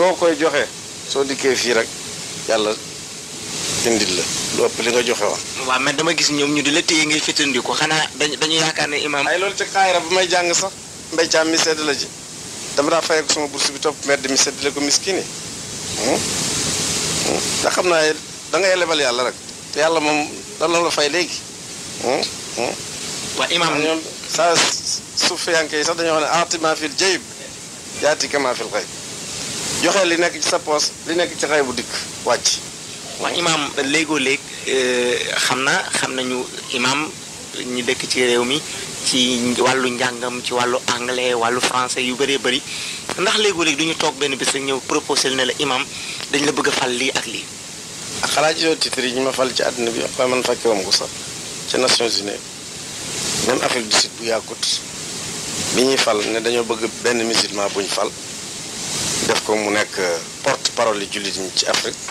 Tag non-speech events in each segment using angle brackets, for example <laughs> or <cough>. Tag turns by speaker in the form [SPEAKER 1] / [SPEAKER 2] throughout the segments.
[SPEAKER 1] soo koy joxe soo dikkee fii rek yàlla indil la lu ëpp li nga joxe woon.
[SPEAKER 2] waaw mais dama gis ñoom ñu di la téye ngay fitandi ko xanaa dañu dañu yaakaar ne imaam. ay loolu ci bu may jàng sax mbéy mi sedd la ji dama daa fayee ko
[SPEAKER 1] sama bi topp mbedd mi sedd la ko miskini hmm? Hmm? naa da lebal yàlla rek te yàlla moom dana la fay léegi. Hmm? waaw imaam ñoom saa suuf yaa ngi sax dañoo xam ne aati maa fil jayb yaati kamaa
[SPEAKER 2] fil xayb joxe li nekk ci sa poos li nekk ci xay bu dikk wàcc. waaw imaam léegoo léeg euh, xam na xam nañu imaam ñu dëkk ci réew mi ci wàllu njàngam ci wàllu anglais wàllu français yu bëree bëri ndax léegoo léeg du ñu toog benn bés rek ñëw proposé ne la imaam dañ la bëgg a fal lii ak lii.
[SPEAKER 1] ak xalaat ci titre yi ñu ma fal ci àddina bi wax man fàkke wam ko sax ci Nations Unies même Afrique du Sud bu yàggut bi ñuy fal ne dañoo bëgg benn musulman bu ñu fal. def ko mu nekk euh, porte parole jullit ñi ci Afrique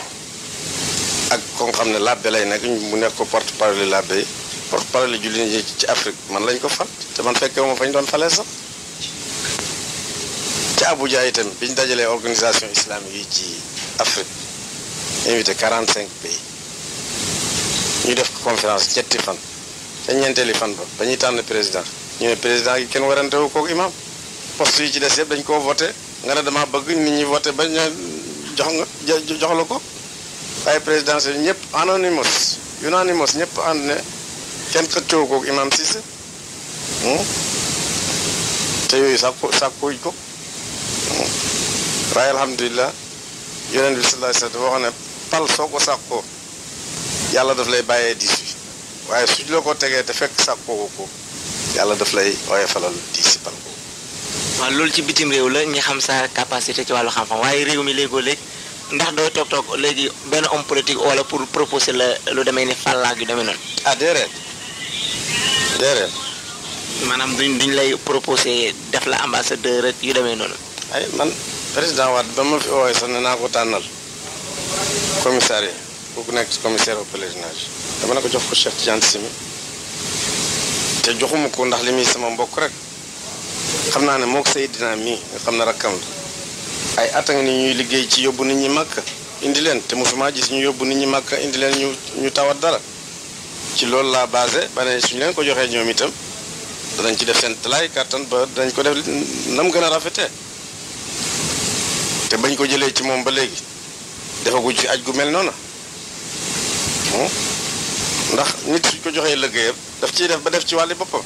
[SPEAKER 1] ak ko xam ne làbbe lay nag mu nekk ko porte parole làbbe yi porte parole jullit ñi ci Afrique man lañ ko fan te man fekkee ma fañ doon falee sax ci Abuja itam biñ dajalee organisation islamique yi ci Afrique invité 45 pays ñu def ko conférence ñetti fan te ñeenteeli fan ba ba ñuy tànn président ñu ne président yi kenn warantewu kook imam poste yi ci des yëpp dañ koo voté nga ne dama bëgg nit ñi voté ba ña jox nga jox la ko waaye présidentiel ñëpp anonymous unanimous ñëpp ànd ne kenn xëccoo ko imam si hmm? te yooyu sàkku sàkkuwuñ ko hmm? waaye alhamdulilah yonent bi sallallahu alayhi wa sallam pal soo ko
[SPEAKER 2] yàlla daf lay bàyyee diis bi waaye suñ la ko tegee te fekk sàkkoo ko
[SPEAKER 1] yàlla daf lay waaye falal diis si
[SPEAKER 2] waaw loolu ci bitim réew la ñi xam sa capacité ci wàllu xam-xam waaye réew mi léegoo léeg ndax doo toog toog léegi benn homme politique wala pour proposer la lu demee ni fàllaag yu demee noonu. ah déedéet déedéet. maanaam duñ duñ lay proposer def la ambassadeur rek yu demee noonu. ay man président Wade ba ma fi woowee sax ne naa ko tànnal commissaire yi
[SPEAKER 1] ku nekk commissaire au pèlerinage dama na ko jox ko Cheikh Tidiane Simi te joxuma ko ndax li muy sama mbokk rek. xam naa ne moo ko Seydina mii nga xam na rakkam la ay at ni ñuy liggéey ci yóbbu nit ñi màkk indi leen te mosuma su ñu yóbbu nit ñi màkk indi leen ñu ñu tawat dara ci loolu laa baase ba ne suñu leen ko joxee ñoom itam danañ ci def seen talaay kàttan ba dañ ko def nam gën a rafetee te bañ ko jëlee ci moom ba léegi defaguñ fi aj gu mel noonu hmm? ndax nit suñ ko joxee liggéeyam daf ciy def ba def ci wàlli boppam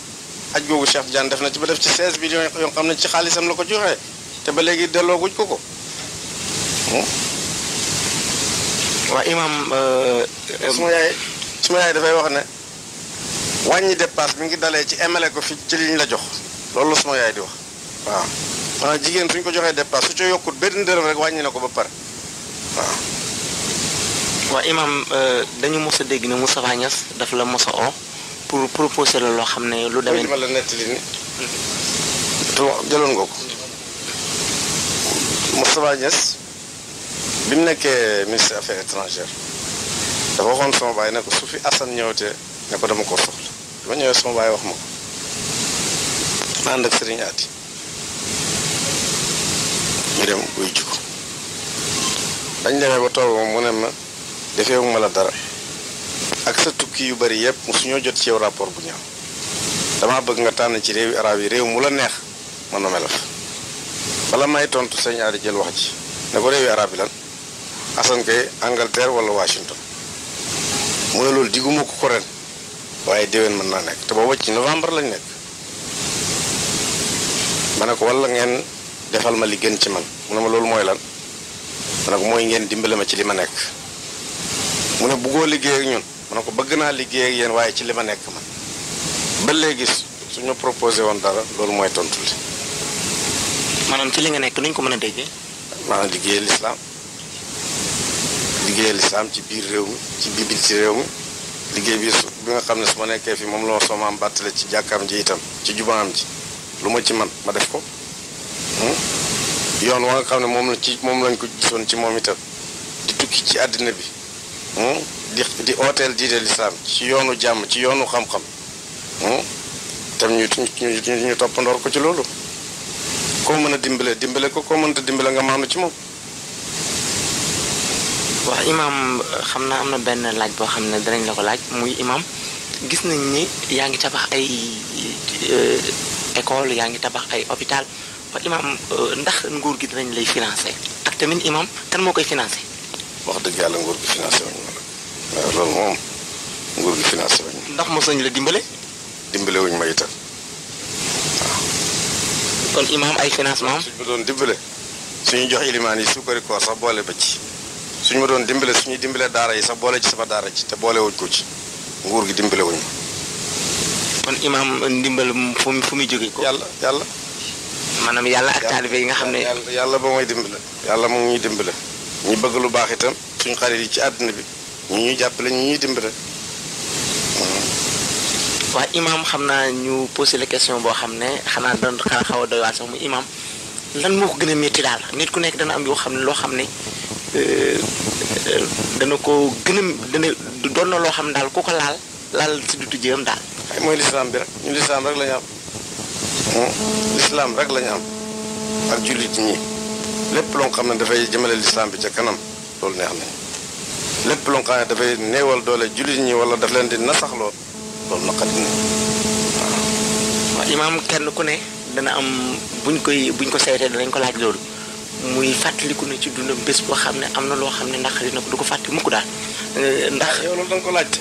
[SPEAKER 1] aj googu Cheikh Diagne def na ci ba def ci 16 millions yoo xam ne ci xaalisam la ko joxee te ba léegi delloo guj ko ko waa imaam euh, euh, suma yaay suma wax ne wàññi dépasse bi ngi dalee ci emele ko ci liñ la jox loolu la suma di wax waaw maanaam jigéen suñ ko joxee dépasse su ca yokkut benn dërëm rek wàññi na ko ba pare
[SPEAKER 2] waaw waa imaam euh, dañu mos a dégg ne mu Niass daf la mos a oo pour proposer la loo xam ne lu demee. ma la nettali nga ko.
[SPEAKER 1] Moustapha Niass bi mu nekkee ministre affaires étrangères dafa waxoon sama baay ne ko su fi Assane ñëwatee ne ko dama ko soxla dama ñëwee sama baay wax ma ko ma ànd ak Serigne Aati ñu dem buy jiko dañ demee ba toog moom mu ne ma defeewu ma la dara ak sa tukki yu bari yëpp musuñoo jot ci yow rapport bu ñaaw dama bëgg nga tànn ci réewi arab yi réew mu la neex ma nommé la fa bala may tontu sëñ aada jël wax ji ne ko réewi arab yi lan asan kay Angleterre wala Washington mu ne loolu diguma ko ko ren waaye déwén mën naa nekk te booba ci novembre lañ nekk ma ne ko walla ngeen defal ma li gën ci man mu ne ma loolu mooy lan ma ne ko mooy ngeen dimbali ma ci li ma nekk mu ne buggoo liggéey ak ñun ma ne ko bëgg naa liggéey ak yéen waaye ci li ma nekk man ba léegi suñ suñu proposé woon dara loolu mooy tontu li. maanaam ci li nga nekk nuñ ko mën a déggee. maanaam liggéey lislaam liggéey lislaam ci biir réew mi ci bibil ci réew mi liggéey bi bi nga xam ne su ma nekkee fi moom la ma somaam bàttale ci jàkkaam ji itam ci jubaam ji lu ma ci man ma def ko hmm? yoon wa nga xam ne moom ci moom lañ ko gisoon ci moom itam di tukki ci àddina bi hmm? di di ooteel diine lislaam ci yoonu jàmm ci yoonu xam-xam hmm? tam ñu ñu toppandoor ko ci loolu koo mën a dimbale dimbale ko koo mënta
[SPEAKER 2] dimbale nga maanu ci moom wax imaam xam naa am na benn laaj boo xam ne danañ la ko laaj muy imaam gis nañ ni yaa ngi tabax ay eh, école yaa ngi tabax ay hôpital waaye imaam eh, ndax nguur gi danañ lay financé ak tamit imaam kan moo koy financé wax dëgg yàlla nguur gi financé
[SPEAKER 1] waaw euh, loolu moom nguur gi financé
[SPEAKER 2] ndax mos nañu la dimbale.
[SPEAKER 1] dimbale wuñ ma itam
[SPEAKER 2] waaw. kon imaam ay financement suñ ma doon dimbale
[SPEAKER 1] suñu jox ilimaan yi suukari koor sax boole ba ci suñu ma doon dimbale suñuy dimbale daara yi sax boole ci safa daara ci te boole wuñ ko ci nguur gi dimbalewuñ wuñ ma.
[SPEAKER 2] kon imaam ndimbal fu fu muy jógee ko. yàlla yàlla. maanaam yàlla ak taalibe yi nga xam ne. yàlla yàlla
[SPEAKER 1] ba mooy dimbale. yàlla moom ñuy dimbale. ñu bëgg lu baax itam suñu xarit ci àddina bi. ñu
[SPEAKER 2] ñuy jàppale ñu ñuy dimbale. waaw imaam xam naa ñu posé la question boo xam ne xanaa doon xaw a doy waar sax mu imaam lan moo ko gën a métti daal nit ku nekk dana am yoo xam ne loo xam ne euh, dana ko gëna a dana doon na loo xam ne daal ku ko laal laal si dutu jëm daal. mooy lislaam bi rek ñu lislaam rek la ñu am hmm? lislaam rek la ñu ak jullit ñi
[SPEAKER 1] lépp loo xam ne dafay jëmale lislaam bi ca kanam loolu neex nañu. lépp loo xam ne dafay néewal doole jullit ñi
[SPEAKER 2] wala daf leen di nasaxloo loolu naqari na waaw imaam kenn ku ne dana am buñ koy buñ ko saytee danañ ko laaj loolu muy fàttaliku ne ci dundam bés boo xam ne am na loo xam ne naqari na ko du ko fàtte mukk daal eh, ndax ah, yow loolu danga ko laajte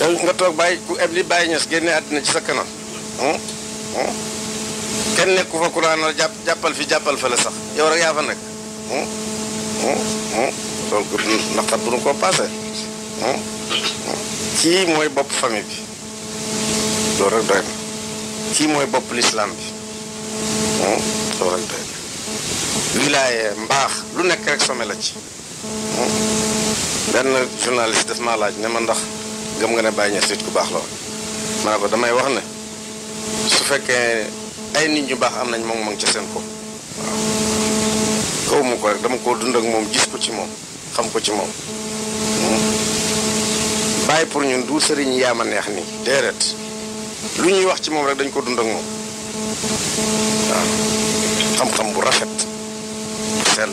[SPEAKER 2] yow nga toog bàyyi ku eb li bàyyi ños génne àddina ci sa kanam
[SPEAKER 1] hmm? Hmm? kenn nekk ku fa jàpp jàppal fi jàppal fa la sax yow rek yaa fa nekk hmm? donc naqar bu nu ko passé kii mooy bopp famille bi loolu rek doy na kii mooy bopp lislaam bi loolu rek doy na wilaaye mbaax lu nekk rek some la ci benn journaliste daf maa laaj ne ma ndax gëm nga ne bàyyi ñes nit ku baax la woon ma damay wax ne su fekkee ay nit ñu baax am nañ moom ma ca seen ko waaw ko rek dama koo dund ak moom gis ko ci moom xam ko ci moom hmm. bàyyi pour ñu du sëriñ yaama neex ni déedéet lu ñuy wax ci moom
[SPEAKER 2] rek dañ ko dund ak moom waaw xam-xam bu rafet sell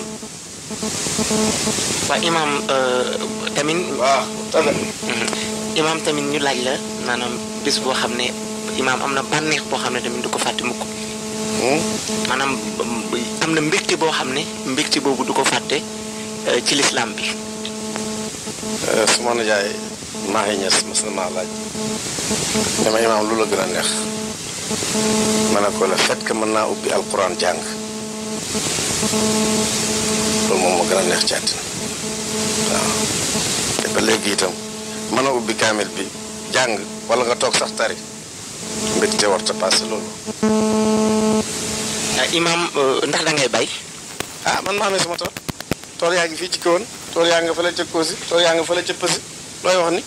[SPEAKER 2] waa imaam euh, tamit waaw hmm. imaam tamit ñu laaj la maanaam bis boo xam ne imaam am na bànneex boo xam ne tamit du ko fàtte mukk hmm? maanaam am na mbégte boo xam ne mbégte boobu du ko fàtte Euh, ci lislaam bi. Euh, suma
[SPEAKER 1] nijaay maa ngi ñes mas na maa laaj. dama imaam lu la gën a neex. ma ne ko le fait que mën naa ubbi alquran jàng. loolu moom moo gën a neex ci àddina waaw. te ba léegi itam mën a ubbi kaamil bi jàng walla nga toog sax tari. mbégte warta paase loolu. Euh, imaam ndax da ngay bay. ah man maa amee sama tool. tool yaa ngi fii ci kawoon tool yaa nga fële ca Kosi tool yaa nga fële ca Pësi looy wax ni.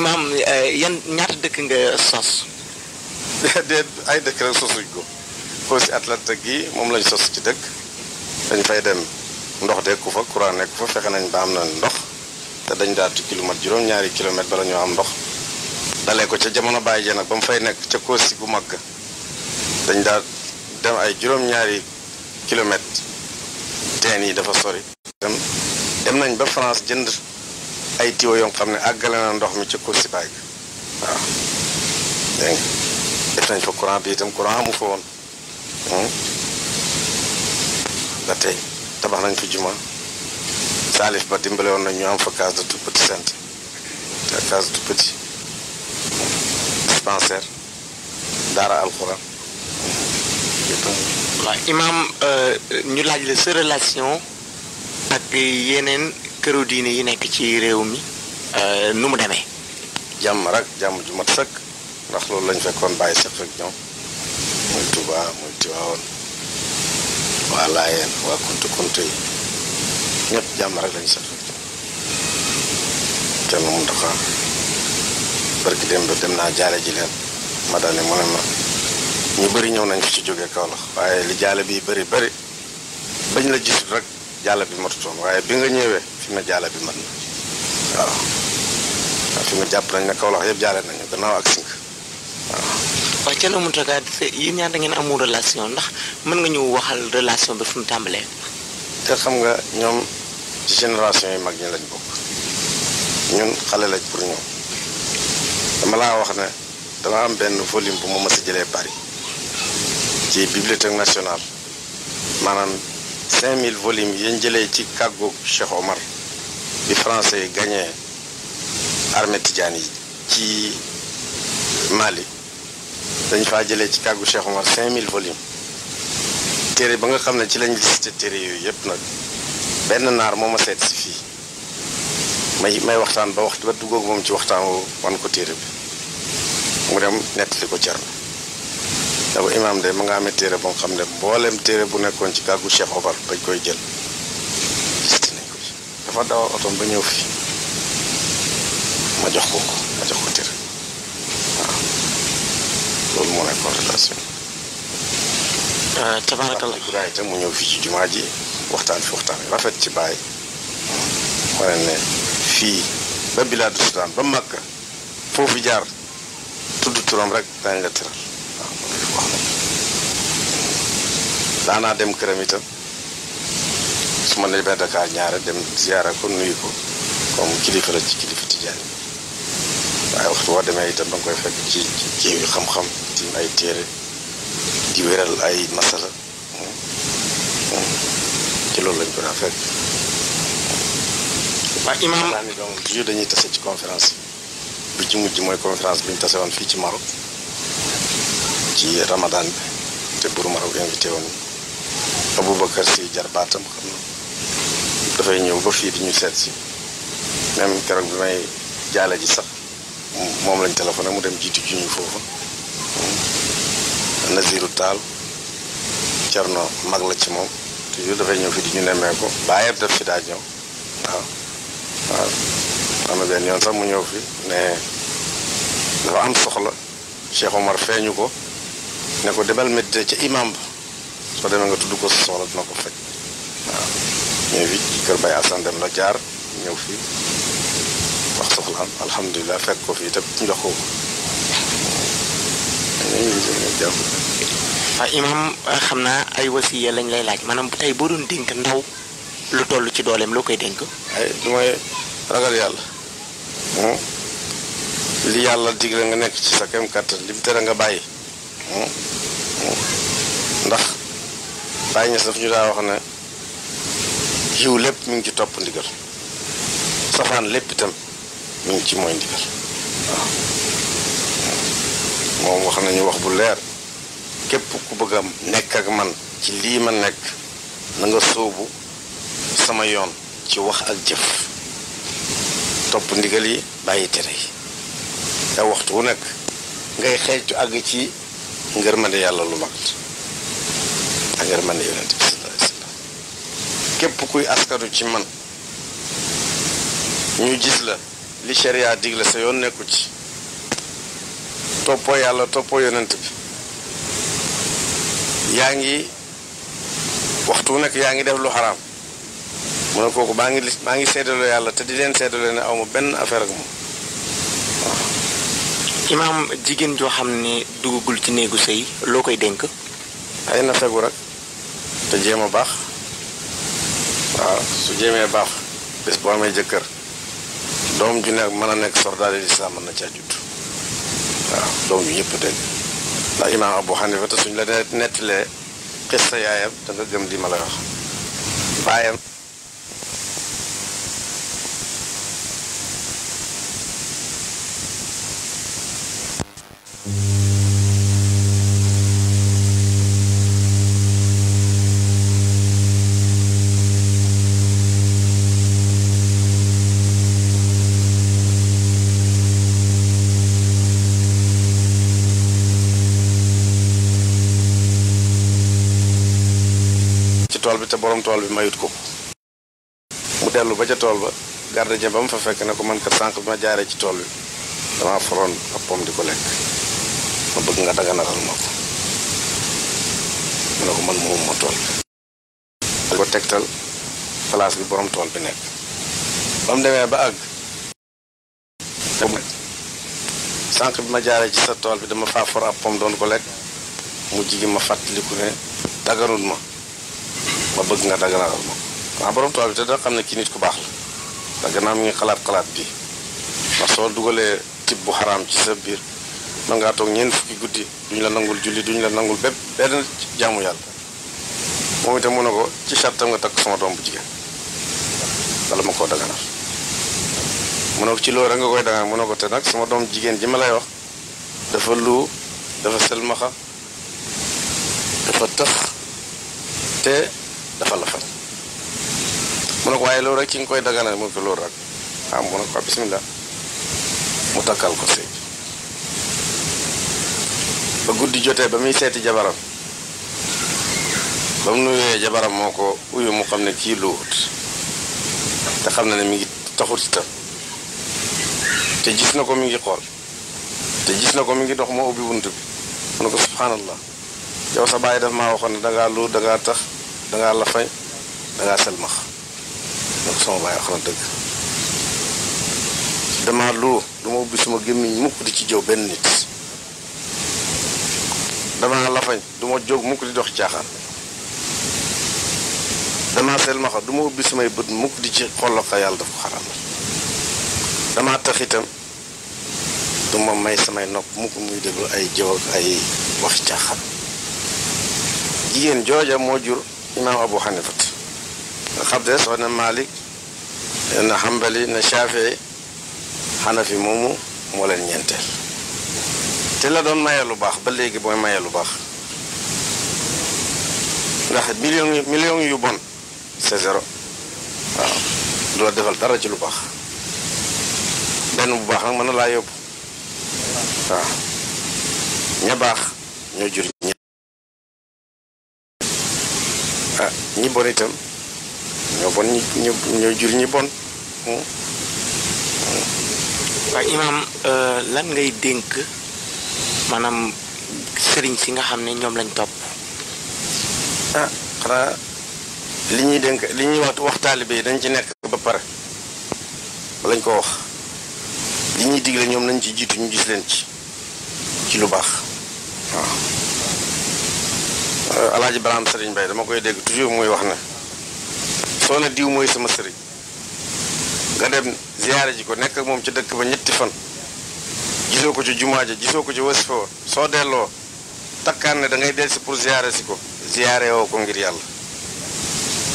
[SPEAKER 1] imaam eh, yan ñaata dëkk nga sos. déedéet <laughs> ay dëkk rek sosuñ ko Kosi Atlantique gi moom lañ sos ci dëkk dañ fay dem ndox dekku fa courant nekku fa fexe nañ ba am na ndox te dañ daal di kilomètre juróom-ñaari kilomètre bala ñoo am ndox. dalee ko ca jamono bàyyi jee nag ba mu fay nekk ca Kosi gu mag dañ daal dem ay juróom-ñaari kilomètre teen yi dafa sori dem nañ ba France jënd ay tiwo yoo xam ne àggale na ndox mi ci kursi baay bi waaw def nañ fa courant bi itam courant amu fa woon hmm? ba tey tabax nañ fi juma saalif ba dimbale woon nañ ñu am fa case de tout petit centre case de tout petit dispensaire daara alxuraan hmm.
[SPEAKER 2] waaw imam euh, ñu laaj la sa relation ak yeneen këru diine yi nekk ci réew mi euh, nu mu demee. jàmm rek jàmm ju mat sëkk ndax loolu lañ fekkoon
[SPEAKER 1] bàyyi sëkk ak ñoom muy Touba muy Tiwaawoon waa Laayeen waa Kunta Kunta yi ñëpp jàmm rek lañ sëkk ak ñoom kenn mu ndoxaa barki dem ba dem naa jaale ji leen ma daane mu ne ma ñu bari ñëw nañ ko si jógee kawlax waaye li jaale bi bari bari bañ la jiitu rek jaale bi matutoon waaye bi nga ñëwee fi ma jaale bi mat na waaw fi nga jàpp nañ ne kawlax yëpp jaale nañu gannaaw ak sink
[SPEAKER 2] waaw waaw Thierno Mountaga yéen ñaar da ngeen amul relation ndax mën nga ñu waxal relation bi fu mu tàmbalee
[SPEAKER 1] te xam nga ñoom ci génération yi mag ñi lañ bokk ñun xale lañ pour ñoom dama laa wax ne dama am benn volume bu ma mës a jëlee Paris ci bibliothèque nationale maanaam 5000 volumes yañ jëlee ci kàggu Cheikh Omar bi français gagné armée tidiane yi ci Mali dañ faa jële ci kàggu Cheikh Omar 5000 volumes téere ba nga xam ne ci lañ listé téere yooyu yëpp nag benn naar moo ma seet si fii may may waxtaan ba wax ba duggoog moom ci waxtaan woo wan ko téere bi mu dem nettali ko jar daba imaam de ma nga amee téere boo xam ne booleem téere bu nekkoon ci kàggu Cheikh Omar bañ koy jël gis nañ ko ci otom ba ñëw fii ma jox ko ko ma jox ko téere loolu moo nekkoon relation euh, tabaarakalla Ibrahima itam mu ñëw fii ci jumaa ji waxtaan fi waxtaan rafet ci baay ma ne ne fii ba bilaadu Sudaan ba Makka foofu jaar tudd turam rek dañ la tëral daanaa dem këram itam su ma nee ba ñaare dem ziyaara ko nuyu ko comme kilifa la ci kilifa tijaan waaye waxtu boo demee itam da koy fekk ci jéewi xam-xam ci ay téere di ay masala ci loolu lañ ko daa fekk.
[SPEAKER 2] waaw imaam xanaa ni donc
[SPEAKER 1] toujours dañuy tase ci conférence bi ci mujj mooy conférence bi ñu tase woon fii ci Maroc ci Ramadan bi te buuru Maroc invité woon. Aboubacar si jarbaatam xam na dafay ñëw ba fii di ñu seet si même keroog bi may jaale ji sax moom lañ téléphoné mu dem jiitu ji ñu foofu hmm. Naziru Taal Cerno mag la ci moom toujours dafay ñëw fii di ñu nemmee ko bàyyeb def fi daa ñëw waaw waaw am na benn yoon sax mu ñëw fi ne dafa am soxla Cheikh Omar feeñu ko ne ko demal Medina ca imam soo demee nga tudd ko soxla dina ko faj waaw ñëw fi kër Baye Assane dem la jaar ñëw fi wax soxlaam alhamdulilah fekk ko fii te njox ko
[SPEAKER 2] waaw xam naa ay wasiya lañ lay laaj maanaam tey boo doon dénk ndaw lu toll ci dooleem loo koy dénk ay du may ragal yàlla hmm?
[SPEAKER 1] li yàlla digle nga nekk ci sa kem kàttan li mu tere nga bàyyi hmm? Hmm? ndax Baye saf ñu daa wax ne yiw lépp mu ngi ci topp ndigal safaan lépp itam mi ngi ci mooy ndigal moom wax nañu wax bu leer képp ku bëgg a nekk ak man ci lii ma nekk na nga sama yoon ci wax ak jëf topp ndigal yi bàyyi tere yi te waxtu wu nekk ngay xeetu àgg ci ngërmande yàlla lu mag ak yërmande yonent bi sallallahu alayhi wasallam képp kuy askaru ci man ñu gis la li sharia digle sa yoon nekku ci toppoo yàlla toppoo yonent bi yaa ngi waxtu wu nekk yaa ngi def lu xaraam mu ne kooku maa ngi maa ngi seedaloo yàlla te di leen seedaloo ne awma benn
[SPEAKER 2] affaire ak moom imaam jigéen joo xam ne duggagul ci néegu sëy loo koy dénk ay nafegu rek te jéem a baax
[SPEAKER 1] waaw su jéemee baax bés boo amee jëkkër doom ju nekk mën a nekk soldat de l'islam mën na caa judd waaw doom yu ñëpp dégg ndax imaam Abu Hanifa te suñ la nettalee xis sa yaayam da nga gëm li ma la wax baayam tool bi te boroom tool bi mayut ko mu dellu ba ca tool ba gardien ba mu fa fekk ne ko mën kat sànq bi ma jaaree ci tool bi damaa foroon pom di ko lekk ma bëgg nga daganalal ma ne ko man moom tegtal place bi tool bi nekk ba mu ba àgg sànq bi ma jaaree ci sa tool bi dama fa for ab pom doon ko lekk mu jigi ma fàttaliku ne daganut ma ma bëgg nga daganaalal ma waaw borom tool bi te dina xam ne kii nit ku baax la daganaa mi ngi xalaat xalaat bi ndax soo dugalee tib bu xaraam ci sa biir mën ngaa toog ñeent fukki guddi duñ la nangul julli duñu la nangul bépp benn jaamu yàlla moom itam mu ne ko ci sartam nga takk sama doom bu jigéen wala ma koo daganal mu ci loolu rek nga koy daganal mu ne ko te nag sama doom jigéen ji ma lay wax dafa lu dafa selmaxa dafa tëx te dafa la faj mu ko waaye loolu rek ci nga koy daganal mu ne ko loolu rek ah mu ne ah, mu takkal ko sëy ba guddi jotee ba muy seeti jabaram ba mu nuyee jabaram moo ko uyu mu xam ne kii luwut te xam na ne mi ngi taxut itam te gis na ko mi ngi xool te gis na ko mi ngi dox moo ubbi bunt bi mu ne ko subhanallah yow sa bàyyi daf maa waxoon ne dangaa luut dangaa tax dangaa la fay dangaa selmax donc sama baay wax na dëgg dama lu du ubbi suma gémmiñ mukk di ci jëw benn nit dama la fañ du jóg mukk di dox caaxaan dama selmaxa duma ma ubbi samay bët mukk di ci xoolal yàlla daf ko xaram dama tax itam du ma may samay nopp mukk muy déglu ay jëw ak ay wax caaxaan jigéen jooja moo jur imaamu abu xanifat xam des wax na malik na xambali na xana fi moomu moo leen ñeenteel te la doon maye lu baax ba léegi mooy maye lu baax ndax million million yu bon c'est zéro waaw du defal dara ci lu baax benn bu baax nag mën na laa yóbbu waaw ña baax ñoo jur ñi bon itam
[SPEAKER 2] ñoo bon ñi ñoo jur ñi bon. imaam euh, lan ngay dénk maanaam sëriñ si nga xam ne ñoom lañ topp. ah xanaa
[SPEAKER 1] li ñuy dénk li ñuy waxtu wax taalibe dañ ci nekk ba pare lañ ko wax li ñuy digle ñoom nañ ci jiitu ñu gis leen ci ci lu baax waaw. Euh, alaaji baraam sëriñ bay dama koy dégg toujours muy wax ne soo ne diw mooy sama sëriñ nga dem ziyaare ji ko nekk moom ci dëkk ba ñetti fan gisoo ko ci jumaa ja gisoo ko ci wasifa soo delloo takkaan ne da ngay delsi pour ziyaare si ko ziyaare ko ngir yàlla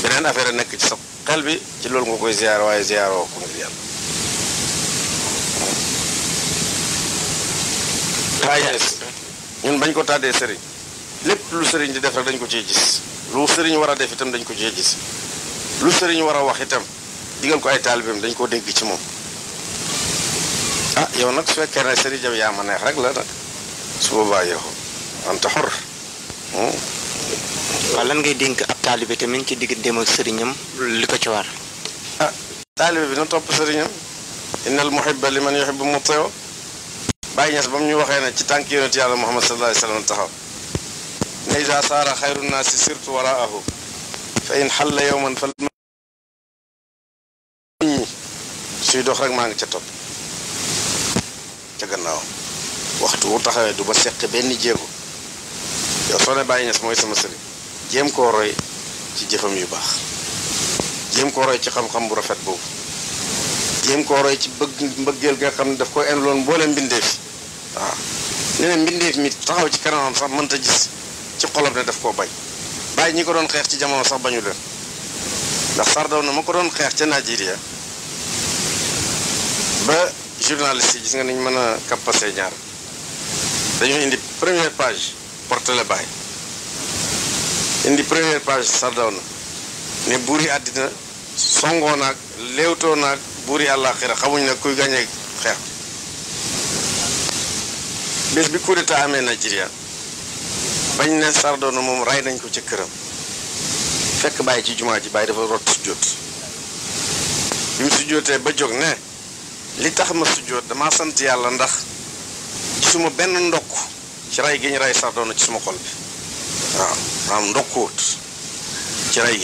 [SPEAKER 1] beneen affaire nekk ci sa xel bi ci loolu nga koy ziyaare waaye ziyaare ko ngir yàlla taajees ñun bañ ko tàddee sëriñ lépp lu sëriñ di def rek dañ ko cee gis lu sëriñ war a def itam dañ ko cee lu sëriñ war a wax itam digal ko ay taalibeem dañ koo dégg ci moom ah yow nag su fekkee ne sëriñ jaw yaa ma neex rek la nag su boobaa yow
[SPEAKER 2] anta xor hmm? waaw lan ngay dénk ab taalibe tamit ci digganteem ak sëriñam li ko ci war ah taalibe bi na topp sëriñam innal
[SPEAKER 1] muhibba liman yuhibbu mutiwa bàyyi ñes ba mu ñu waxee ne ci tànk yonent yàlla muhammad sallallahu alayhi wa sallam taxaw fa ida saara xayru naasi sirtu waraahu fa in xalla yowman fa ñi suy dox rek maa ngi ca topp ca gannaaw waxtu wu taxawee du ba seq benn jéego yow soo ne bàyyi ñes mooy sama sëriñ jéem koo roy ci jëfam yu baax jéem koo roy ci xam-xam bu rafet boobu jéem koo roy ci bëgg mbëggeel gi xam ne daf ko en loon mbooleem mbindeef waaw ne ne mbindeef mi taxaw ci kanamam sax mënta gis ci xolam ne daf koo bañ bàyyi ñi ko doon xeex ci jamono sax bañu leen ndax sardaw na ma ko doon xeex ca Nigeria ba journaliste yi gis nga niñ mën a kappase ñaar dañu indi première page porte la indi première page sardaw na ne buuri àddina songoo naag léewtoo naag buuri àllaaxira xamuñ ne kuy gàñee xeex bis bi coup d'état amee Nigeria bañ ne Sardono moom ray nañ ko ci këram fekk bàyyi ci jumaa ji bàyyi dafa rot sujjóot bi mu sujjóotee ba jóg ne li tax ma sujjóot dama sant yàlla ndax suma benn ndokk ci ray gi ñu ray Sardono ci suma xol bi waaw maanaam ndokkuwut ci ray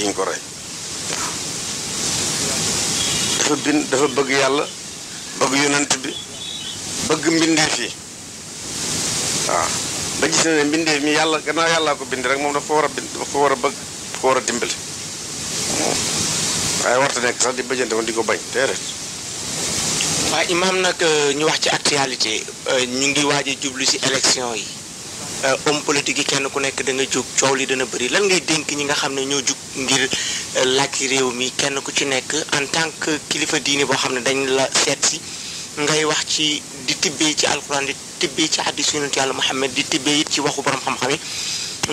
[SPEAKER 1] dafa bind dafa bëgg yàlla bëgg yonent bi bëgg mbindeef yi waaw ba gis na ne mbindeef mi yàlla gannaaw yàllaa ko bind rek moom ko war a bind dafa war a bëgg dafa war a dimbali waaye warta nekk sax di bëjante woon di ko bañ déedéet
[SPEAKER 2] waaye imaam nag euh, ñu wax ci actualité euh, ñu ngi waaj a jublu si élection yi euh, homme politique yi kenn ku nekk da nga jóg coow li dana bëri lan ngay dénk ñi nga xam ne ñoo jóg ngir laaj réew mi kenn ku ci nekk en tant que kilifa diine boo xam ne dañ la seet si ngay wax ci di tibbee ci alquran di tibbee ci hadis yonent yàlla Muhammad di tibbee it ci waxu borom xam-xam yi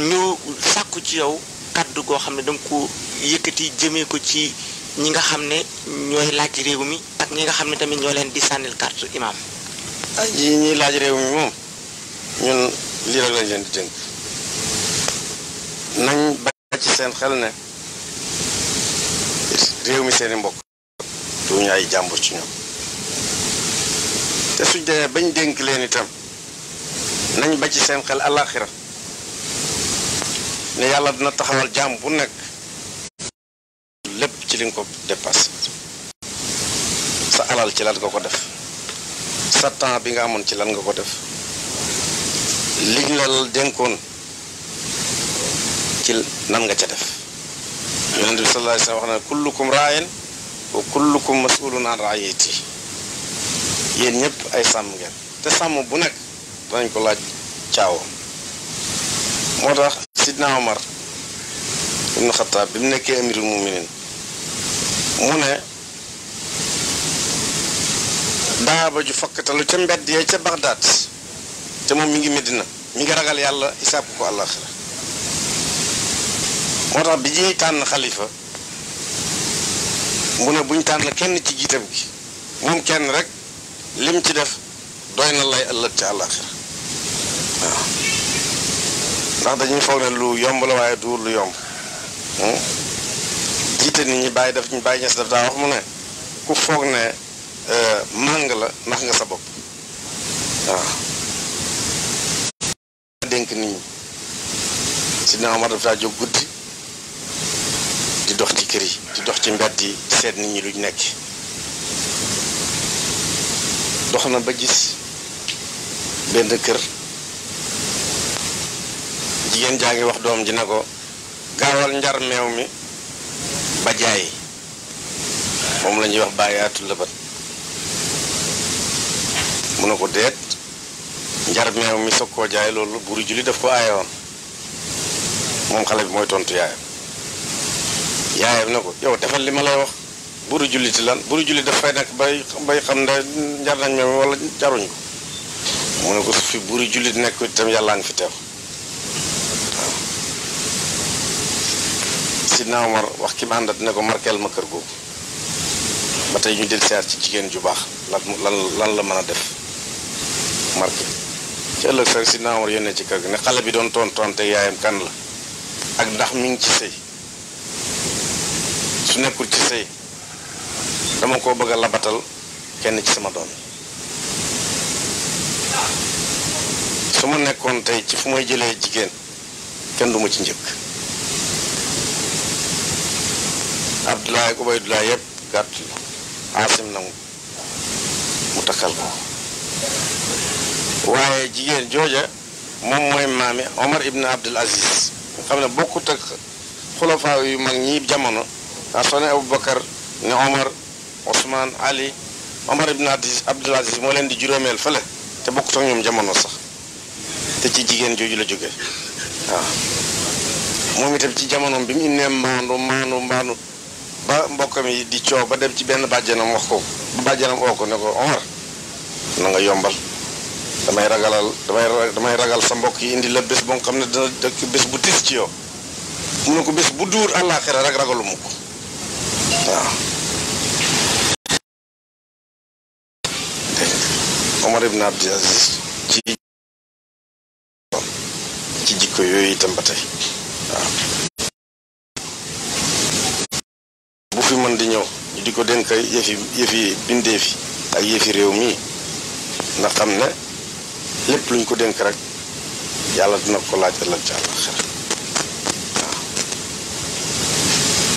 [SPEAKER 2] ñu sàkku ci yow kàddu goo xam ne danga ko yëkkati jëmee ko ci ñi nga xam ne ñooy laaj réew mi ak ñi nga xam ne tamit ñoo leen di sànnil carte imaam.
[SPEAKER 1] ay ah, laaj réew mi moom ñun lii rek lañ leen di dénk nañ ba ci seen xel ne réew mi seeni i mbokk. du ñu ay jàmbur ci ñoom. te suñ demee bañ dénk leen itam nañ ba ci seen xel alaaxira ne yàlla dina taxawal jàmm bu nekk lépp ci li nga ko dépassé sa alal ci lan nga ko def sa temps bi nga amoon ci lan nga ko def liñ la dénkoon ci nan nga ca def yonent bi sa alayhi wa sallam wax na kullukum raayen wa kullukum masulun an raayati yéen ñépp ay sàmm ngeen te sàmm bu nekk danañ ko laaj caawam moo tax sidna Omar ibnu Xataab bi mu nekkee amirul muminin mu ne daaba ju fokkatalu ca mbedd moom mi ngi Medina mi ngi ragal yàlla isaab ko àllaaxira moo tax bi ñuy tànn xalifa mu ne buñ tànn kenn ci jiitam gi moom kenn rek lim ci def doy na lay ëllëg ci àllaaxira waaw ndax dañuy foog ne lu yomb la waaye duur lu yomb hmm? jiite nit ñi bàyyi def ñu bàyyi ñes def daa wax mu ne ku foog ne euh, màng la ndax nga sa bopp waaw dénk nit ñi si na Omar daf daa jóg guddi di dox ci kër yi di dox ci mbedd yi seet nit ñi luñ nekk dox na ba gis benn kër jigéen jaa ngi wax doom ji ne ko gaawal njar meew mi ba jaay moom la ñuy wax bàyyaatu lëbët mu ne ko deet njar meew mi soog koo jaay loolu buuru julli daf ko aayoon moom xale bi mooy tontu yaayam yaayam ne ko yow defal li ma lay wax buru julli ci lan buru julli daf fay nekk bay bay xam ne njar nañ ñoom wala jaruñ ko mu ne ko fi buru julli nekk itam yàllaa ngi fi teew Sidna Omar wax ki ma àndat ne ko markeel ma kër googu ba tey ñu del seer ci jigéen ju baax lan lan lan la mën a def marke ci ëllëg sax Sidna Omar yónnee ci kër gi ne xale bi doon tontonte yaayam kan la ak ndax mi ngi ci sëy su nekkul ci sëy dama ko bëgg a labatal kenn ci sama doom su ma nekkoon tey ci fu may jëlee jigéen kenn du ma ci njëkk Abdoulaye Ubaydulaay yëpp gàtt Asim nangu mu takkal ko waaye jigéen jooja moom mooy maami Omar ibn Abdul Aziz nga xam ne bokkut ak xulafaa yu mag ñi jamono waa soo ne ne Omar Ousmane Ali Omar ab Abdul Aziz moo leen di juróomeel fële te bokk sax ñoom jamono sax te ci jigéen jooju la jóge waaw moom itam ci jamono bi mu innee maandu maandu maandu ba mbokkam yi di coow ba dem ci benn bàjjanam wax ko ba bàjjanam oo ko ne ko Omar na nga yombal damay ragalal damay damay ragal sa mbokk yi indi la bés boo xam ne dina dëkk bés bu tis ci yow mu ne ko bés bu duur àllaaxira rek ragaluma mu ko waaw Omar ibn Abdul Aziz ci ci jikko yooyu itam ba tey waaw bu fi mën di ñëw ñu di ko denk yëfi yëfi bindee ak yëfi réew mii ndax xam ne lépp luñ ko denk rek yàlla dina
[SPEAKER 2] ko laaj ëllëg ci àllaxira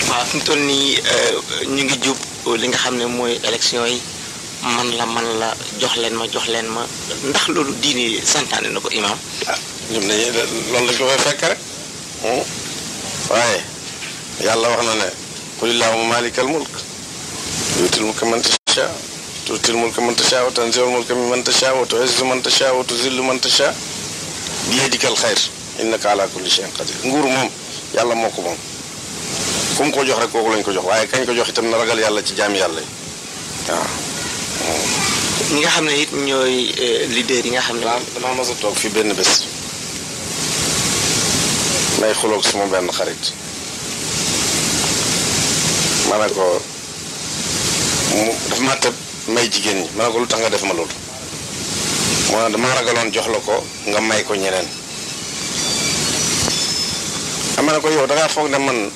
[SPEAKER 2] waaw mu toll nii euh, ñu ngi jub li nga xam ne mooy élection yi man la man la jox leen ma jox leen ma ndax loolu diine santaane na ko imaam. ah ñun dañuy loolu lañ ko fekk rek. Hmm? waaye yàlla wax na ne
[SPEAKER 1] qul illaahumma maalikal mulk tuutil mulka man tashaa tuutil mulka man tashaa wa tanzi'ul mulka mimman tashaa wa tu'izzu man tashaa wa tuzillu man tashaa biyadikal xayr innaka ala kulli shay'in qadir nguur moom yàlla moo ko moom ku ko jox rek kooku lañ ko jox waaye kañ ko jox itam na ragal yàlla ci jaam yàlla yi
[SPEAKER 2] ñi nga xam ne it ñooy euh, leader yi nga xam ne. damaa mas a toog fi benn bés.
[SPEAKER 1] may xuloog suma benn xarit. ma ne ko mu dafa ma tëb may jigéen ñi ma ne ko lu tax nga def ma loolu. moo ne dama ragaloon jox la ko nga may ko ñeneen. ama ah, ne ko yow da foog ne man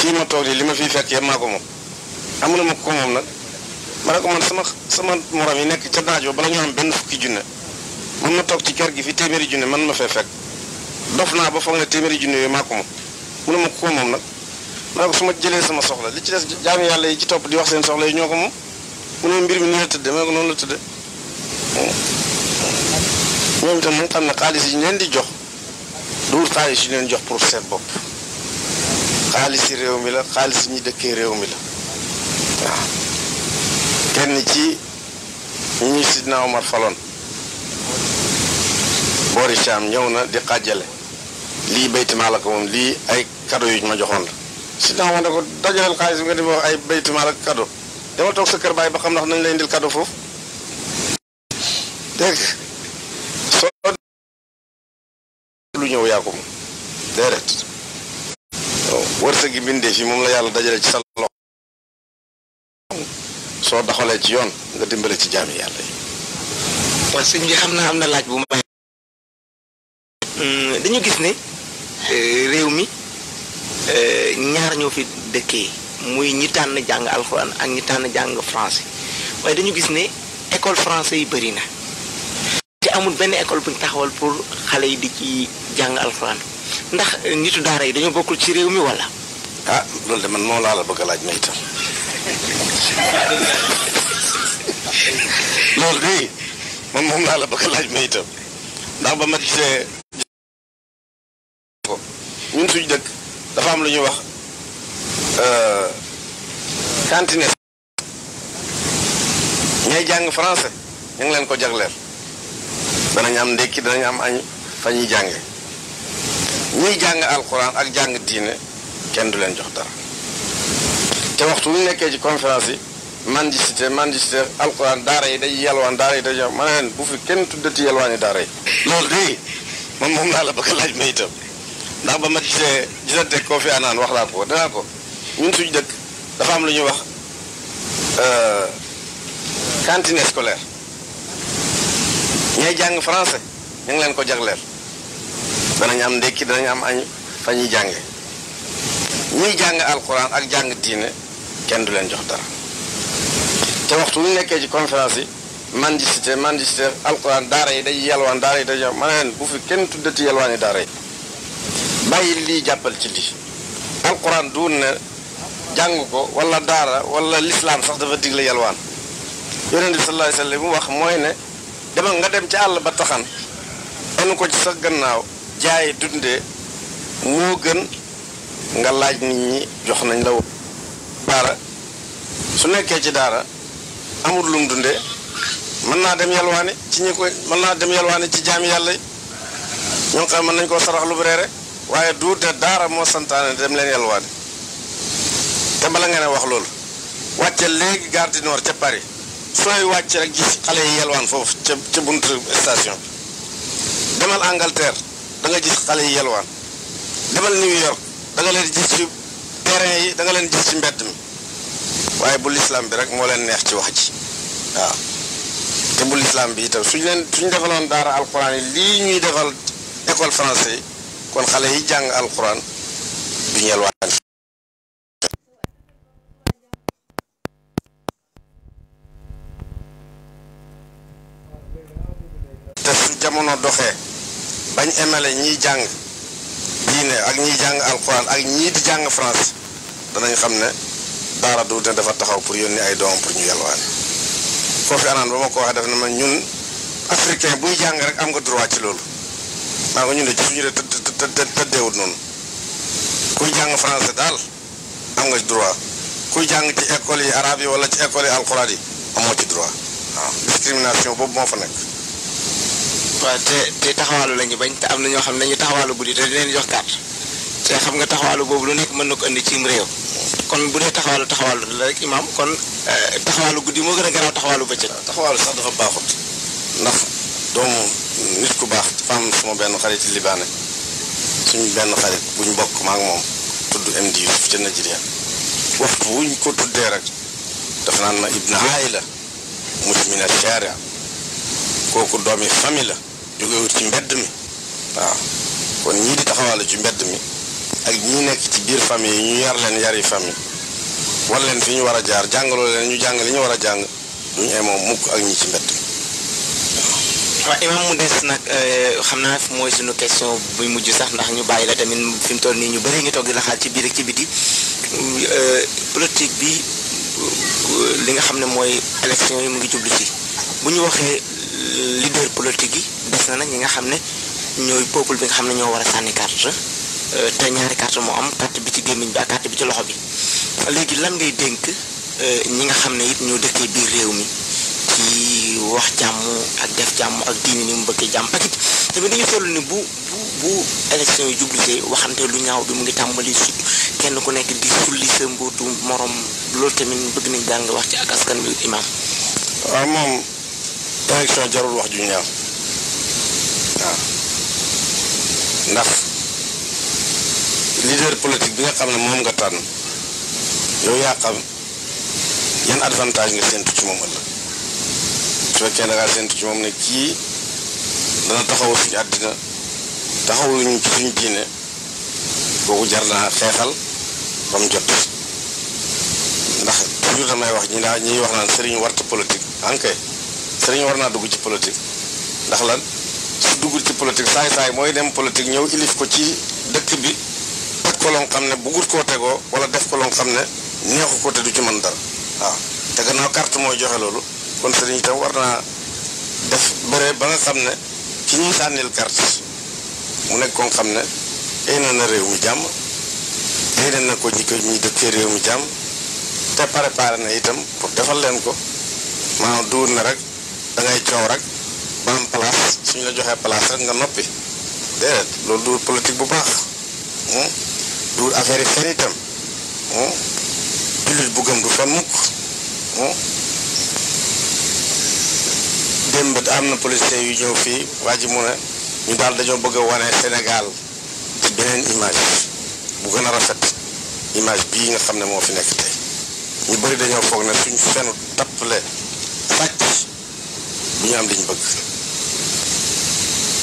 [SPEAKER 1] fii ma toog di li ma fiy fekk yëpp maa ko moom. amul ma ko moom nag. ma ne ko man sama sama morom yi nekk ca daajoo bala ñu am benn fukki junne mën ma toog ci ker gi fi téeméeri junne man ma fee fekk dof naa ba foog ne téeméeri junne yooyu maa ko moom ma ko moom nag ma ne ko su ma jëlee sama soxla li ci des jaami yàlla yi ci topp di wax seen soxla yi ñoo ko moom mu ne mbir mi nii la tëdde ma ne ko noonu la tëdde ñoom itam nañ xam ne xaalis yi ñu leen di jox duwul xaalis yi ñu leen jox pour seen bopp xaalis yi réew mi la xaalis yi ñu dëkkee réew mi kenn ci ñi ñu Sidna Omar faloon boori Caam ñëw na di xajale lii baytimaa la ko moom lii ay kado yu ñu ma joxoon la Sidna Omar ne ko dajaleel xaalis bi nga di ma wax ay baytimaa la kado dama toog sa kër baay ba xam ndax nañ lay indil kado
[SPEAKER 2] foofu dégg soo
[SPEAKER 1] lu ñëw yaa ko moom déedéet wërsëg gi mbindee fi moom la yàlla dajale ci sal soo doxalee ci yoon nga
[SPEAKER 2] dimbale ci jaami yàlla yi. waaw sëñ bi xam naa am na laaj bu may. Hmm, dañu gis ne eh, réew mi eh, ñaar ñoo fi dëkkee muy ñi tànn jàng alxuraan ak ñi tànn jàng français waaye dañu gis ne école français yi bari na. te amul benn école bu taxawal pour xale yi di ci jàng alxuraan ndax eh, nitu daara yi dañoo bokkul ci réew mi wala. ah loolu de man moo laala la bëgg a laaj may itam.
[SPEAKER 1] loolu de man moom laa la bëgg a laaj ndax ba ma gisee ko ñun suñu dëkk dafa am lu ñuy wax euh, cantine ñay jàng français ñu ngi leen ko jagleel danañ am ndékki danañ am añ fa ñuy jànge ñuy jàng alxuraan ak jàng diine kenn du leen jox dara te waxtu bu nekkee ci conférence yi mendicité mendicité alquran daara yi dañuy yalwaan daara yi dañuy wax ma ne leen bu fi kenn tuddati yalwaani daara yi. loolu de man moom laa la bëgg laaj ma itam ndax ba ma gisee gisante koo fi anaan wax laa ko danaa ko ñun suñu dëkk dafa am lu ñuy wax euh, cantine scolaire ñay jàng français ñu ngi leen ko jagleel danañ am ndékki danañ am añ fa ñuy jànge ñuy jàng alquran ak jàng diine. kenn du leen jox dara te waxtu lu nekkee ci conférence yi mendicité mendicité alquran daara yi day yalwaan daara yi day jox ma leen bu fi kenn tuddati yalwaani daara yi bàyyi lii jàppal ci lii alquran du ne jàng ko wala daara wala lislaam sax dafa digle yalwaan yonent bi sallallahu alayhi mu wax mooy ne demal nga dem ci àll ba taxan enu ko ci sa gannaaw jaay dundee moo gën nga laaj nit ñi jox nañ la daara su nekkee ci daara amul lum dundee mën naa dem yalwaane ci ñi koy mën naa dem yalwaane ci jaami yàlla yi ñoo xam mën nañ koo sarax lu bu reere waaye duute daara moo santaane dem leen yalwaane te bala nga ne wax loolu wàcce léegi gare du Nord ca Paris sooy wàcc rek gis xale yi yalwaan foofu ca ca buntu station bi demal Angleterre da nga xale yi yalwaan demal New York da leen gis ci terrain yi da leen gis ci mbedd mi waaye bu lislaam bi rek moo leen neex ci wax ji waaw te bu lislaam bi itam suñ leen suñ defaloon daara alquran yi lii ñuy defal école français yi kon xale yi jàng alquran du ñeel waan te su jamono doxee bañ emale ñiy jàng diine ak ñiy jàng alquran ak ñii di jàng français ñu xam ne daara du ne dafa taxaw pour yónni ay doomam pour ñu yalwaane foofu anaan ba ma ko waxee def na ma ñun africain buy jàng rek am nga droit ci loolu maa nga ñun de jëfuñu de tëddeewut noonu kuy jàng français daal am nga ci droit kuy jàng ci école yi arabe yi wala ci école yi alxuraan yi amoo ci droit
[SPEAKER 2] waaw discrimination boobu moo fa nekk waaw te te taxawaalu lañu bañ te am na ñoo xam ne dañu taxawaalu guddi te dinañ jox te xam nga taxawaalu boobu lu nekk mën na ko indi cim réew kon bu dee taxawaalu taxawaalu la rek imaam kon eh, taxawaalu guddi moo gën a garaaw taxawaalu bëccëg
[SPEAKER 1] ah, taxawaalu sax dafa baaxut ndax doomu nit ku baax dafa benn xarit libaane suñu benn xarit buñ bokk maa moom tudd MD Yusuf ca Nigeria waxtu wuñ ko tuddee rek dafa naan ma ibn aila la jógewut ci mbedd mi waaw kon ñii di taxawaalu ci mbedd mi ak ñi nekk ci biir famille yi ñu yar leen yari famille war leen fi ñu war a jaar jàngaloo leen ñu jàng li ñu war a jàng duñu emoom mukk ak ñi ci mbett
[SPEAKER 2] waaw imam mu des nag euh, xam naa mooy suñu question buy mujj sax ndax ñu bàyyi la tamit fi mu toll nii ñu bëri ngi toog di la ci biir ak ci biti euh, politique bi euh, li nga xam ne mooy élection yi mu ngi jublu ci bu ñu waxee leader politique yi des na nag ñi nga xam ne ñooy peuple bi nga xam ne ñoo war a sànni carte Euh, te ñaari carte mu am carte bi ci gémmiñ bi ak carte bi ci loxo bi léegi lan ngay dénk euh, ñi nga xam ne it ñoo dëkkee biir réew mi ci wax jàmm ak def jàmm ak diini ni mu bëggee jàmm ak bu bu bu élection yi lu ñaaw bi mu ngi kenn ku nekk di sulli sa mbootu moroom loolu tamit bëgg nañ daal nga wax ci ak askan bi imam waaw moom élection jarul wax ju ñaaw
[SPEAKER 1] leader politique bi nga xam ne moom nga tànn yow yaa xam yan avantage nga séntu ci moom ëllëg su fekkee da ngaa séntu ci moom ne kii dana taxaw suñu àddina taxawuñu ci suñu diine kooku jar naa xeexal ba mu jot ndax toujours damay wax ñi daa ñuy wax naan sëriñ warta politique ankay sëriñ war naa dugg ci politique ndax lan su duggul ci politique saay saay mooy dem politique ñëw ilif ko ci dëkk bi ko loo xam ne bëggut koo tegoo wala def ko loo xam ne neexu ko te du ci mën dara waaw te gannaaw carte mooy joxe loolu kon sëriñ itam war naa def bëre ba nga xam ne ci ñuy sànnil carte mu nekk koo xam ne yéene na réew mi jàmm yéene na ko ñi ko ñuy dëkkee réew mi jàmm te préparé na itam pour defal leen ko maanaam duur na rek dangay ngay coow rek ba am place suñu la joxee place rek nga noppi déedéet loolu du politique bu baax. Hmm? du affaire fen itam jullit bu gëm du fen mukk démb am na policier yu ñëw fii waa ji mu ne ñu daal dañoo bëgg a wane Sénégal ci beneen image bu gën a rafet image bii nga xam ne moo fi nekk tey ñu bari dañoo foog ne suñ fenu tappale sàcc bu ñu am liñ bëgg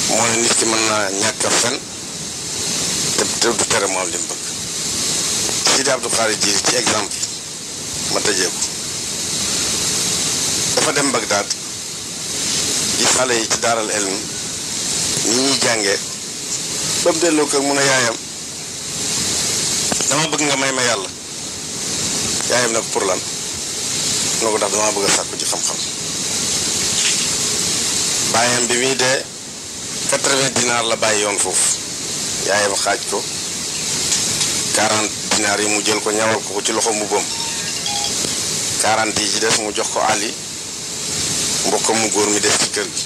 [SPEAKER 1] moo ne nit ki mën naa ñàkk a fen te du tere mu am liñ bëgg Sidi Abdou Khari ji ci exemple ma tëjee ko dafa dem Bagdad di xale yi ci daaral elmi ni ñuy jàngee ba mu delloo ko mun a yaayam dama bëgg nga may ma yàlla yaayam na pour lan na ko ndax dama bëgg a ci xam-xam bàyyam bi muy dee dinaar la bàyyi yoon foofu yaayam xaaj ko quarante dinaar yi mu jël ko ñawal ko ci loxo mbubbam quarante ci des mu jox ko Ali mbokkam mu góor mi def ci kër gi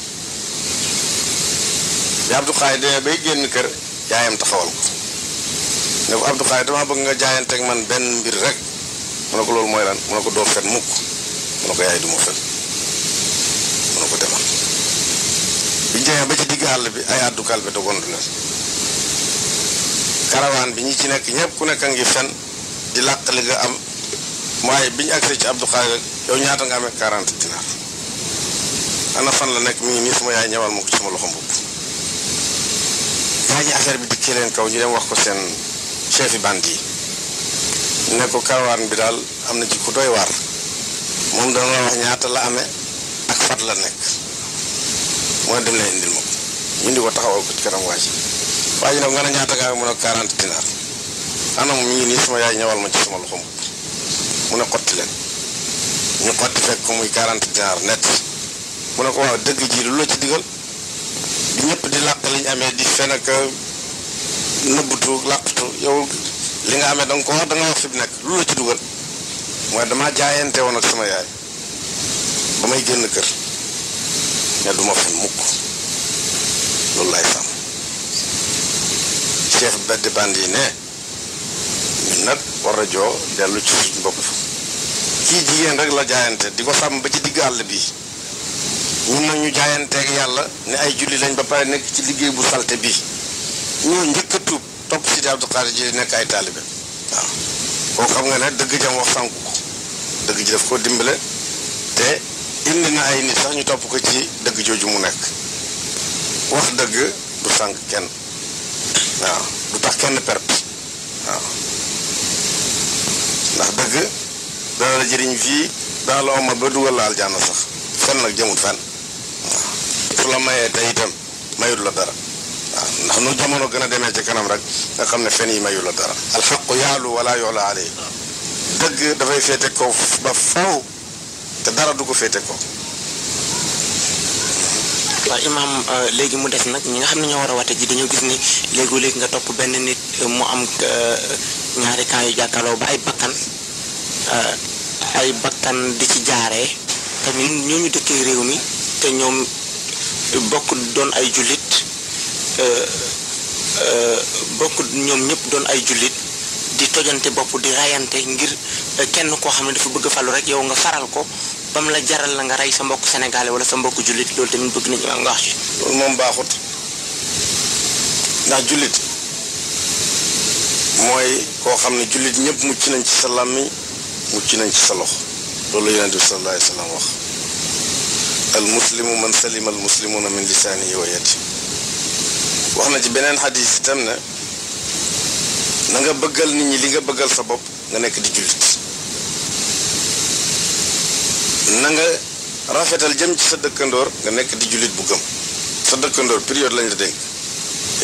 [SPEAKER 1] bi Abdou Xaay taxawal ko ne bëgg nga jaayante ak man benn mbir rek mu ne ko loolu mooy lan mu ne ko doo fen mukk mu ne ko yaay duma fen mu ne ko demal bi ñu ba ci digg àll bi ay àddu kalbe dogoon karawaan bi ñi ci nekk ñëpp ku nekk ngi fen di làq li nga am waaye bi ñu agsee ci Abdou Khadir yow ñaata nga amee 40 dinar ana fan la nekk mu ngi nii sama yaay ñëwal ma ko sama loxo mbubb yaa affaire bi dikkee leen kaw ñu dem wax ko seen chef yi yi ne ko karawaan bi daal am na ci ku doy waar moom dana wax ñaata la amee ak fat la nekk mooy dem lay indil ma ko ñu ko taxawal ko ci kanam waa waa ji nag nga ne ñaata ngaa mun a 40 dinar ana mu ngi nii sama yaay ñëwal ma ci sama loxo mu ne xotti leen ñu xotti fekk muy 40 dinar net mu ne ko waaw dëgg ji lu la ci digal di ñëpp di làq amee di fen ak euh, nëbbutu làqtu yow li nga amee da ko wax da wax fi mu nekk lu la ci dugal mooy dama jaayante woon ak sama yaay ba may génn kër ne du ma fen mukk loolu lay sàmm Cheikh Badi yi ne ñun nag war rajo dellu ci suñu bopp kii jigéen rek la jaayante di ko sàmm ba ci digg àll bi ñun nag ñu jaayanteeg yàlla ne ay julli lañ ba pare nekk ci liggéey bu salte bi ñoo njëkk a tuub topp Sidi Abdou Khadre ji nekk ay taalibe waaw koo xam nga ne dëgg jam wax sànku ko dëgg ji daf koo dimbale te indi na ay nit sax ñu topp ko ci dëgg jooju mu nekk wax dëgg du sànk kenn waaw du tax kenn perte waaw ndax dëgg dana la jëriñ fii dana la omat ba dugal la aljanna sax fen nag jëmut fen waaw su la mayee tey itam mayut la dara waaw ndax nu jamono gën a demee ci kanam rek nga xam ne fen yi mayut la dara alxaqu yaalu wala yoola alay dëgg dafay féete ko ba faw te dara du ko féete ko
[SPEAKER 2] waaw imaam euh, léegi mu des nag ñi nga xam ne ñoo war a wate ji dañoo gis ni léegu léegi nga topp benn nit euh, mu am euh, ñaari camp yu jàkkaarloo ba ay bakkan ay bakkan di ci jaaree tamit ñoo ñu dëkkee réew mi te ñoom bokk doon ay jullit bokk ñoom ñëpp doon ay jullit di tojante bopp di rayante ngir kenn koo xam ne dafa bëgg falu rek yow nga faral ko ba mu la jaral la nga rey sa mbokk sénégalais wala sa mbokk jullit loolu tamit bëgg nañu imaam nga wax ci.
[SPEAKER 1] loolu moom baaxut
[SPEAKER 2] ndax jullit mooy koo xam ne jullit ñëpp mucc nañ ci
[SPEAKER 1] sa làmmiñ mucc nañ ci sa loxo loolu yonent bi sallallahu alayhi wa sallam wax al muslimu man salima al muslimuna min lisaanihi wa wax na ci beneen xadis itam ne na nga bëggal nit ñi li nga bëggal sa bopp nga nekk di jullit na nga rafetal jëm ci sa dëkkandoor nga nekk di jullit bu gëm sa dëkkandoor période lañ la dénk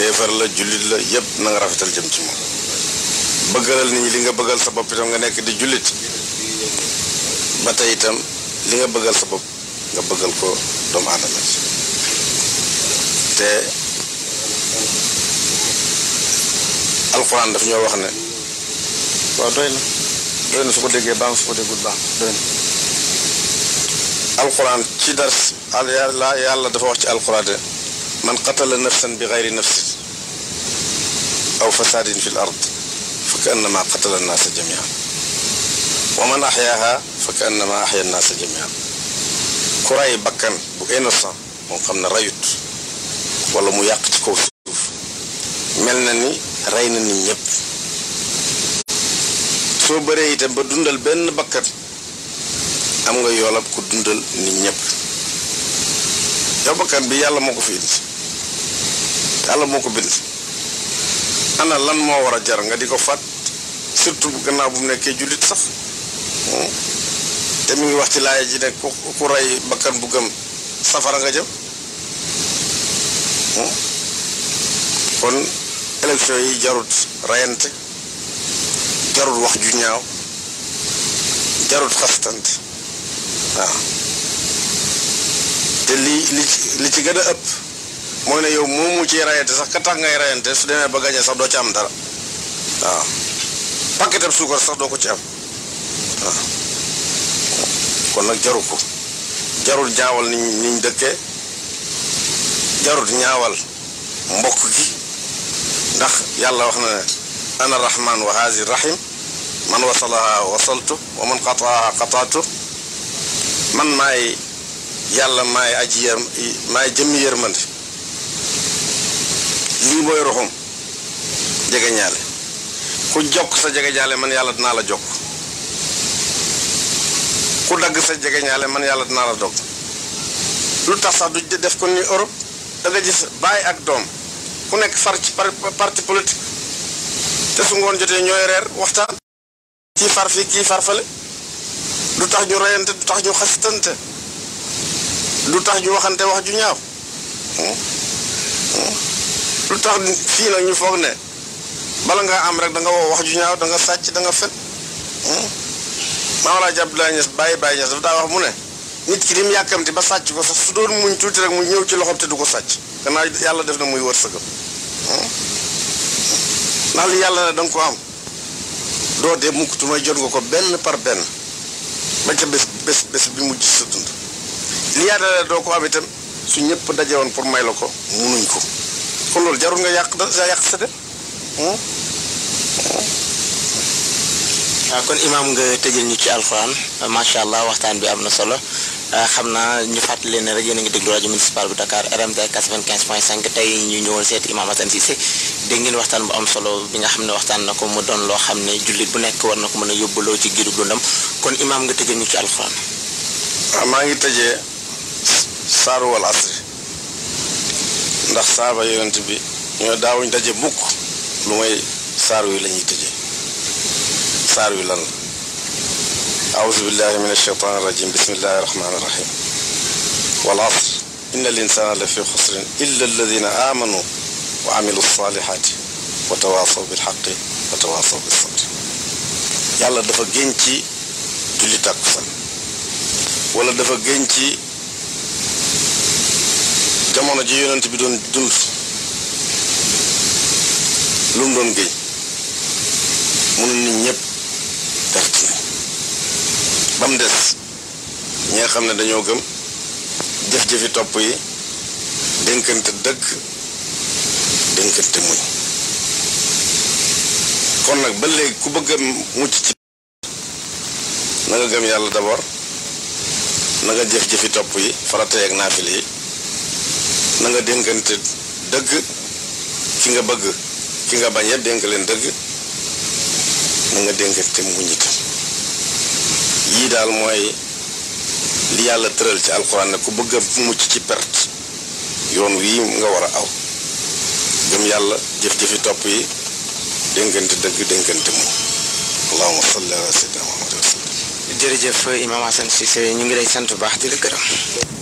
[SPEAKER 1] eefar la jullit la yépp nanga rafetal jëm ci moom bëggalal nit ñi li nga bëggal sa bopp nga nekk di jullit ba tey itam li nga bëggal sa bopp nga bëggal ko doomu aadama te alxuraan daf ñoo wax ne waaw doy na doy na su ko déggee baax su ko déggul baax doy na alquran ci dars yàlla dafa wax ci alquran de man qatala nafsan bi gayri nafsin aw fasaadin fi l ard fa ka annama qatala annaasa jamian wa man axyaaha fa ka annama axya annaasa jamian ku ray bakkan bu innocent moom xam ne rayut wala mu yàq ci suuf mel na ni rey na nit soo bëree itam ba dundal benn bakkan am nga yoolab ku dundal nit ñëpp yow bakkan bi yàlla moo ko fi indi yàlla moo ko bind ana lan moo war a jar nga di ko fàtt surtout gannaaw bu mu nekkee jullit sax hmm? te mu ngi wax ci laaya ji ne ku ku rey bakkan bu gëm safara nga jëm hmm? kon élection yi jarut reyante jarut wax ju ñaaw jarut xastante waaw te li li ci ci gën a ëpp moo ne yow moom mu ciy rayante sax ka tax ngay rayante su demee ba gañe sax doo ci am dara waaw paquetam suukar sax doo ko ci am waaw kon nag jaru ko jarul ñaawal ni ñu dëkkee jarul ñaawal mbokk gi ndax yàlla wax na ne ana rahman wa rahim man wasalaha wasaltu wa man qataa qataatu man maay yàlla maay aji yar maay jëmmi yërmande lii mooy roxum jege ñaale ku jokk sa jege ñaale man yàlla dinaa la jokk ku dagg sa jege ñaale man yàlla dinaa la dog lu tax sax du def ko ni Europe da nga gis bàyyi ak doom ku nekk far ci parti politique te su ngoon jotee ñooy reer waxtaan kii far fii kii far fale lu tax ñu reyante du tax ñu xastante du tax ñu waxante wax ju ñaaw lu tax fii nag ñu foog ne bala ngaa am rek da nga wax wax ju ñaaw danga sàcc da nga fen maa laa jàpp Abdoulaye Niass bàyyi bàyyi Niass daf daa wax mu ne nit ki lim yàkkamti ba sàcc ko sax su doon muñ tuuti rek mu ñëw ci loxoom te du ko sàcc gannaaw yàlla def na muy wërsëgam ndax li yàlla ne danga ko am doo dee mukk tu may jot nga ko benn par benn ba ca bés bés bés bi mujj sa dund li yaadala doo ko am itam su ñëpp dajee woon pour may la ko munuñ ko kon loolu jarul nga yàq
[SPEAKER 2] da sa de waaw hmm? ah, kon imaam nga tëjal ñu ci alxuraan macha allah waxtaan bi am na solo Euh, xam naa ñu fàttali ne rek yéen a ngi déglu rajo municipal bu Dakar RMD 95.5 tey ñu ñëwoon seet Imam Assane Cissé dégg ngeen waxtaan bu am solo bi nga xam ne waxtaan na ko mu doon loo xam ne jullit bu nekk war na ko mën a yóbbuloo ci giirub dundam kon imaam nga tëjee ñu ci alxuraan. waaw ah, maa ngi tëjee
[SPEAKER 1] saaru wal asri bi ñoo daawuñ daje mukk lu may saar wi la ñuy tëjee saar wi lan أعوذ بالله من الشيطان الرجيم بسم الله الرحمن الرحيم والعصر إن الإنسان لفي خسر إلا الذين آمنوا وعملوا الصالحات وتواصوا بالحق وتواصوا بالصبر yàlla dafa gën ci julli tàkkusaan wala dafa gën ci jamono ji yonent bi doon dund lu mu doon gëñ mun nit ñëpp ba mu des ñi xam ne dañoo gëm jëf-jëfi topp yi dénkante dëgg dénkante muñ kon nag ba léegi ku bëgg a mucc ci na gëm yàlla d'abord na nga jëf-jëfi topp yi faratee ak naafil yi na nga dénkante dëgg ki nga bëgg ki nga bañ yëpp dénk leen dëgg na nga dénkante muñ itam yii daal mooy li yàlla tëral ci alxuraan na ku bëgg a mucc ci perte yoon wii nga war a aw gëm yàlla jëf-jëfi topp yi dénkante dëgg dénkante mu allahumma salli ala sayyidina Muhammad jërëjëf Imam Assane Cissé ñu ngi lay sant bu baax di la gërëm